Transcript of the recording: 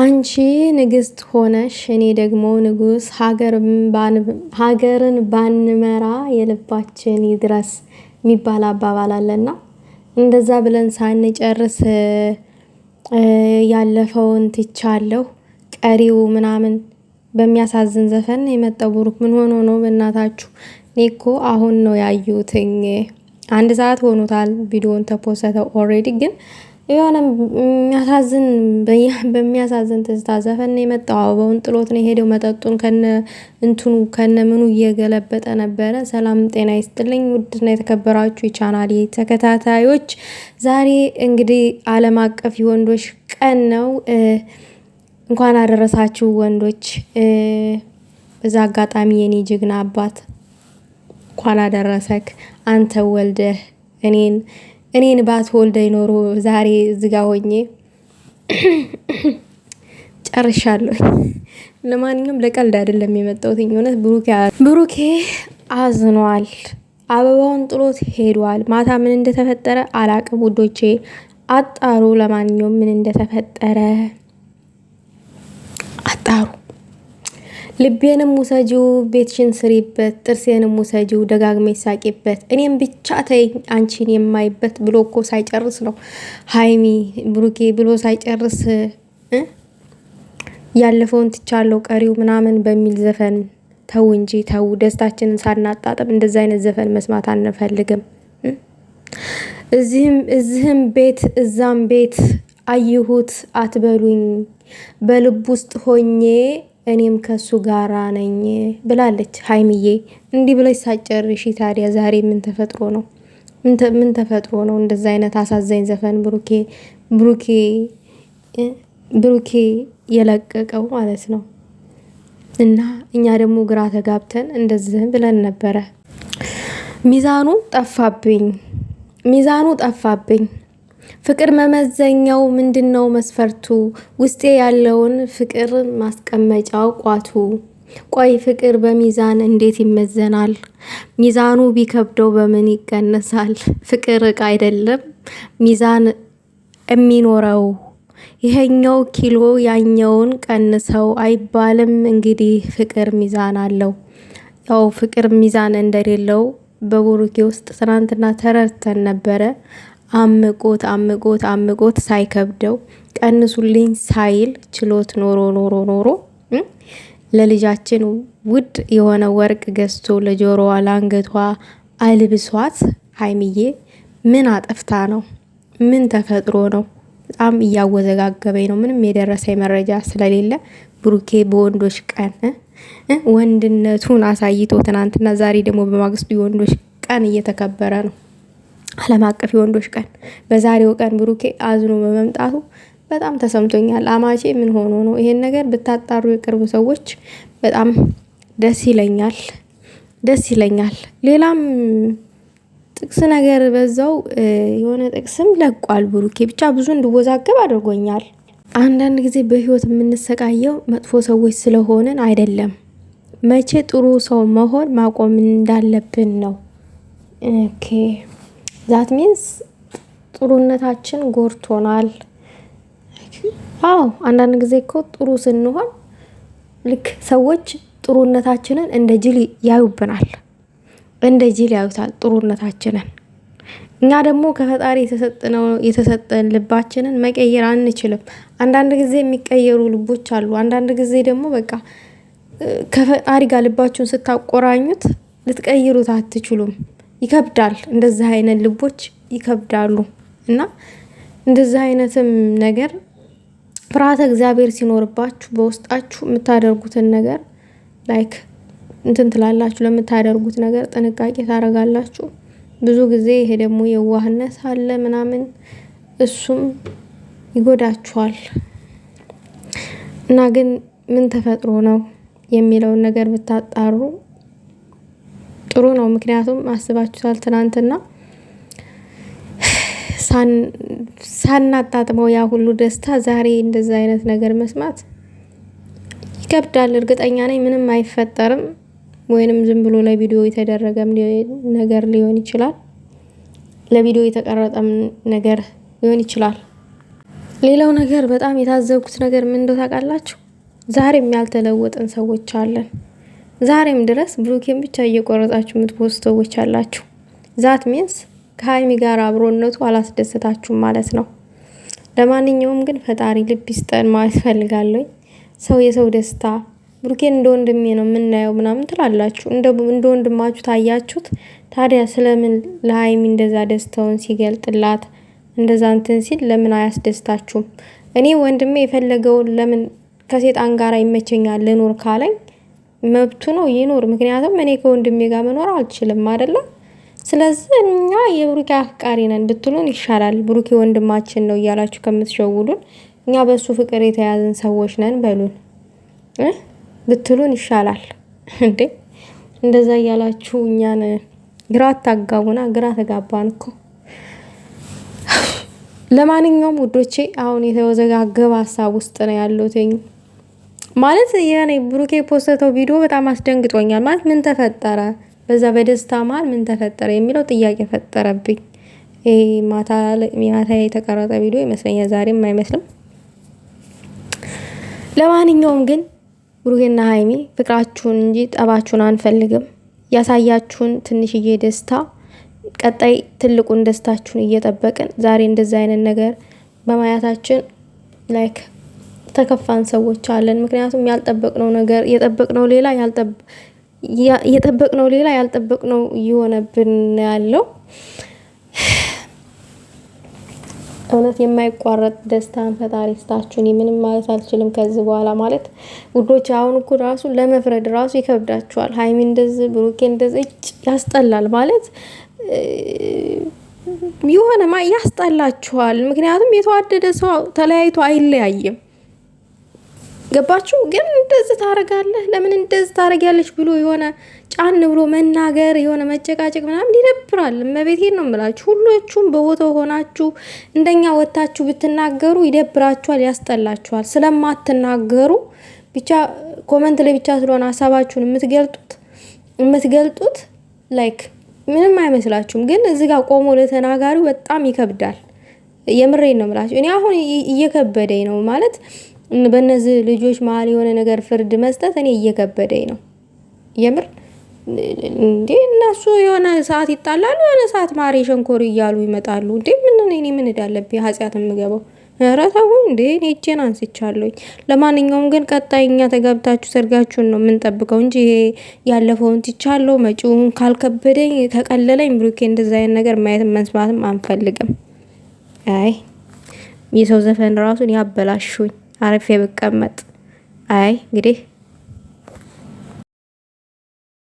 አንቺ ንግስት ሆነሽ እኔ ደግሞ ንጉስ፣ ሀገርን ባንመራ የልባችን ይድረስ የሚባል አባባል አለና እንደዛ ብለን ሳንጨርስ ያለፈውን ትቻለሁ ቀሪው ምናምን በሚያሳዝን ዘፈን የመጣው ብሩክ ምን ሆኖ ነው? በእናታችሁ እኔ እኮ አሁን ነው ያዩትኝ። አንድ ሰዓት ሆኖታል ቪዲዮን ተፖሰተው ኦልሬዲ ግን የሆነ የሚያሳዝን በሚያሳዝን ትዝታ ዘፈን የመጣው። አበባውን ጥሎት ነው የሄደው። መጠጡን ከነ እንትኑ ከነ ምኑ እየገለበጠ ነበረ። ሰላም ጤና ይስጥልኝ ውድና የተከበራችሁ የቻናሌ ተከታታዮች፣ ዛሬ እንግዲህ ዓለም አቀፍ የወንዶች ቀን ነው። እንኳን አደረሳችሁ ወንዶች። በዛ አጋጣሚ የኔ ጀግና አባት እንኳን አደረሰክ አንተ ወልደህ እኔን እኔን ባትወልደኝ ኖሮ ዛሬ ዝጋ ሆኜ ጨርሻለሁ። ለማንኛውም ለቀልድ አይደለም የመጣሁት። እውነት ብሩኬ አዝኗል። አበባውን ጥሎት ሄዷል። ማታ ምን እንደተፈጠረ አላቅም ውዶቼ፣ አጣሩ። ለማንኛውም ምን እንደተፈጠረ አጣሩ። ልቤንም ውሰጂው፣ ቤትሽን ስሪበት፣ ጥርሴንም ውሰጂው፣ ደጋግሜ ሳቂበት፣ እኔም ብቻ ተይኝ አንቺን የማይበት ብሎ እኮ ሳይጨርስ ነው ሀይሚ ብሩኬ ብሎ ሳይጨርስ ያለፈውን ትቻለው ቀሪው ምናምን በሚል ዘፈን ተው እንጂ ተው፣ ደስታችንን ሳናጣጥም እንደዚ አይነት ዘፈን መስማት አንፈልግም። እዚህም ቤት እዛም ቤት አይሁት አትበሉኝ በልብ ውስጥ ሆኜ እኔም ከሱ ጋራ ነኝ ብላለች ሀይምዬ እንዲህ ብለሽ ሳጨርሺ ታዲያ ዛሬ ምን ተፈጥሮ ነው? ምን ተፈጥሮ ነው እንደዛ አይነት አሳዛኝ ዘፈን ብሩኬ ብሩኬ ብሩኬ የለቀቀው ማለት ነው። እና እኛ ደግሞ ግራ ተጋብተን እንደዚህ ብለን ነበረ። ሚዛኑ ጠፋብኝ፣ ሚዛኑ ጠፋብኝ። ፍቅር መመዘኛው ምንድን ነው? መስፈርቱ ውስጤ ያለውን ፍቅር ማስቀመጫው ቋቱ። ቆይ ፍቅር በሚዛን እንዴት ይመዘናል? ሚዛኑ ቢከብደው በምን ይቀነሳል? ፍቅር እቃ አይደለም ሚዛን የሚኖረው ይሄኛው ኪሎ ያኛውን ቀንሰው አይባልም። እንግዲህ ፍቅር ሚዛን አለው። ያው ፍቅር ሚዛን እንደሌለው በቡሩኬ ውስጥ ትናንትና ተረድተን ነበረ። አምቆት አምቆት አምቆት ሳይከብደው ቀንሱልኝ ሳይል ችሎት ኖሮ ኖሮ ኖሮ ለልጃችን ውድ የሆነ ወርቅ ገዝቶ ለጆሮዋ ለአንገቷ አልብሷት። ሀይሚዬ ምን አጠፍታ ነው? ምን ተፈጥሮ ነው? በጣም እያወዘጋገበኝ ነው። ምንም የደረሰኝ መረጃ ስለሌለ ብሩኬ በወንዶች ቀን ወንድነቱን አሳይቶ ትናንትና፣ ዛሬ ደግሞ በማግስቱ የወንዶች ቀን እየተከበረ ነው። ዓለም አቀፍ የወንዶች ቀን በዛሬው ቀን ብሩኬ አዝኖ በመምጣቱ በጣም ተሰምቶኛል። አማቼ ምን ሆኖ ነው? ይሄን ነገር ብታጣሩ የቅርቡ ሰዎች በጣም ደስ ይለኛል፣ ደስ ይለኛል። ሌላም ጥቅስ ነገር በዛው የሆነ ጥቅስም ለቋል። ብሩኬ ብቻ ብዙ እንድወዛገብ አድርጎኛል። አንዳንድ ጊዜ በህይወት የምንሰቃየው መጥፎ ሰዎች ስለሆንን አይደለም፣ መቼ ጥሩ ሰው መሆን ማቆም እንዳለብን ነው። ኦኬ ዛት ሚንስ ጥሩነታችን ጎርቶናል። አዎ አንዳንድ ጊዜ እኮ ጥሩ ስንሆን ልክ ሰዎች ጥሩነታችንን እንደ ጅል ያዩብናል። እንደ ጅል ያዩታል ጥሩነታችንን። እኛ ደግሞ ከፈጣሪ የተሰጠን ልባችንን መቀየር አንችልም። አንዳንድ ጊዜ የሚቀየሩ ልቦች አሉ። አንዳንድ ጊዜ ደግሞ በቃ ከፈጣሪ ጋር ልባችሁን ስታቆራኙት ልትቀይሩት አትችሉም። ይከብዳል። እንደዚህ አይነት ልቦች ይከብዳሉ እና እንደዚህ አይነትም ነገር ፍርሃተ እግዚአብሔር ሲኖርባችሁ በውስጣችሁ የምታደርጉትን ነገር ላይክ እንትን ትላላችሁ፣ ለምታደርጉት ነገር ጥንቃቄ ታደርጋላችሁ። ብዙ ጊዜ ይሄ ደግሞ የዋህነት አለ ምናምን፣ እሱም ይጎዳችኋል እና ግን ምን ተፈጥሮ ነው የሚለውን ነገር ብታጣሩ ጥሩ ነው። ምክንያቱም አስባችሁታል ትናንትና ሳናጣጥመው ያ ሁሉ ደስታ ዛሬ እንደዛ አይነት ነገር መስማት ይከብዳል። እርግጠኛ ነኝ ምንም አይፈጠርም፣ ወይንም ዝም ብሎ ለቪዲዮ የተደረገም ነገር ሊሆን ይችላል፣ ለቪዲዮ የተቀረጠም ነገር ሊሆን ይችላል። ሌላው ነገር በጣም የታዘብኩት ነገር ምን እንደው ታውቃላችሁ? ዛሬም ያልተለወጥን ሰዎች አለን። ዛሬም ድረስ ብሩኬን ብቻ እየቆረጣችሁ የምትፖስቱ ሰዎች አላችሁ። ዛት ሚንስ ከሀይሚ ጋር አብሮነቱ አላስደሰታችሁም ማለት ነው። ለማንኛውም ግን ፈጣሪ ልብ ይስጠን ማለት ፈልጋለኝ። ሰው የሰው ደስታ ብሩኬን እንደ ወንድሜ ነው የምናየው ምናምን ትላላችሁ። እንደ ወንድማችሁ ታያችሁት። ታዲያ ስለምን ለሀይሚ እንደዛ ደስታውን ሲገልጥላት እንደዛ እንትን ሲል ለምን አያስደስታችሁም? እኔ ወንድሜ የፈለገውን ለምን ከሴጣን ጋር ይመቸኛል ልኖር ካለኝ መብቱ ነው ይኖር። ምክንያቱም እኔ ከወንድሜ ጋር መኖር አልችልም አይደለም። ስለዚህ እኛ የብሩኬ አፍቃሪ ነን ብትሉን ይሻላል። ብሩኬ ወንድማችን ነው እያላችሁ ከምትሸውዱን እኛ በእሱ ፍቅር የተያዝን ሰዎች ነን በሉን ብትሉን ይሻላል። እንዴ እንደዛ እያላችሁ እኛን ግራ አታጋቡና። ግራ ተጋባን እኮ። ለማንኛውም ውዶቼ አሁን የተወዘጋገበ ሀሳብ ውስጥ ነው ያለሁት። ማለት የኔ ብሩኬ የፖስተው ቪዲዮ በጣም አስደንግጦኛል። ማለት ምን ተፈጠረ በዛ በደስታ መሀል ምን ተፈጠረ የሚለው ጥያቄ ፈጠረብኝ። ማታ የተቀረጠ ቪዲዮ ይመስለኛል፣ ዛሬም አይመስልም። ለማንኛውም ግን ብሩኬና ሀይሚ ፍቅራችሁን እንጂ ጠባችሁን አንፈልግም። ያሳያችሁን ትንሽዬ ደስታ ቀጣይ ትልቁን ደስታችሁን እየጠበቅን ዛሬ እንደዚ አይነት ነገር በማየታችን ላይክ ተከፋን ሰዎች አለን። ምክንያቱም ያልጠበቅነው ነገር የጠበቅነው ሌላ የጠበቅነው ሌላ ያልጠበቅነው እየሆነብን ያለው እውነት የማይቋረጥ ደስታን ፈጣሪ ስታችሁ። ምንም ማለት አልችልም ከዚህ በኋላ ማለት ውዶች። አሁን እኮ ራሱ ለመፍረድ ራሱ ይከብዳችኋል። ሀይሚ እንደዚህ ብሩኬ እንደዚህ እጭ ያስጠላል ማለት የሆነማ ያስጠላችኋል። ምክንያቱም የተዋደደ ሰው ተለያይቶ አይለያይም። ገባችሁ? ግን እንደዚህ ታረጋለህ፣ ለምን እንደዚህ ታረጊያለች ብሎ የሆነ ጫን ብሎ መናገር የሆነ መጨቃጨቅ ምናምን ይደብራል። እመቤቴን ነው የምላችሁ። ሁሎቹም በቦታው ሆናችሁ እንደኛ ወታችሁ ብትናገሩ ይደብራችኋል፣ ያስጠላችኋል። ስለማትናገሩ ብቻ ኮመንት ላይ ብቻ ስለሆነ ሀሳባችሁን የምትገልጡት የምትገልጡት ላይክ ምንም አይመስላችሁም። ግን እዚህ ጋር ቆሞ ለተናጋሪው በጣም ይከብዳል። የምሬን ነው የምላችሁ። እኔ አሁን እየከበደኝ ነው ማለት በእነዚህ ልጆች መሀል የሆነ ነገር ፍርድ መስጠት እኔ እየከበደኝ ነው። የምር እንዴ እነሱ የሆነ ሰዓት ይጣላሉ፣ የሆነ ሰዓት ማሬ ሸንኮር እያሉ ይመጣሉ። እንዴ ምን እኔ ምን እዳለብኝ ኃጢአት የምገባው ኧረ ተው እንዴ እኔ እጄን አንስቻለሁኝ። ለማንኛውም ግን ቀጣይ እኛ ተጋብታችሁ ሰርጋችሁን ነው የምንጠብቀው እንጂ ይሄ ያለፈውን ትቻለሁ መጪውን ካልከበደኝ ተቀለለኝ ብሩኬ፣ እንደዛ አይነት ነገር ማየትም መስማትም አንፈልግም። አይ የሰው ዘፈን ራሱን ያበላሹኝ። አርፌ ብቀመጥ። አይ እንግዲህ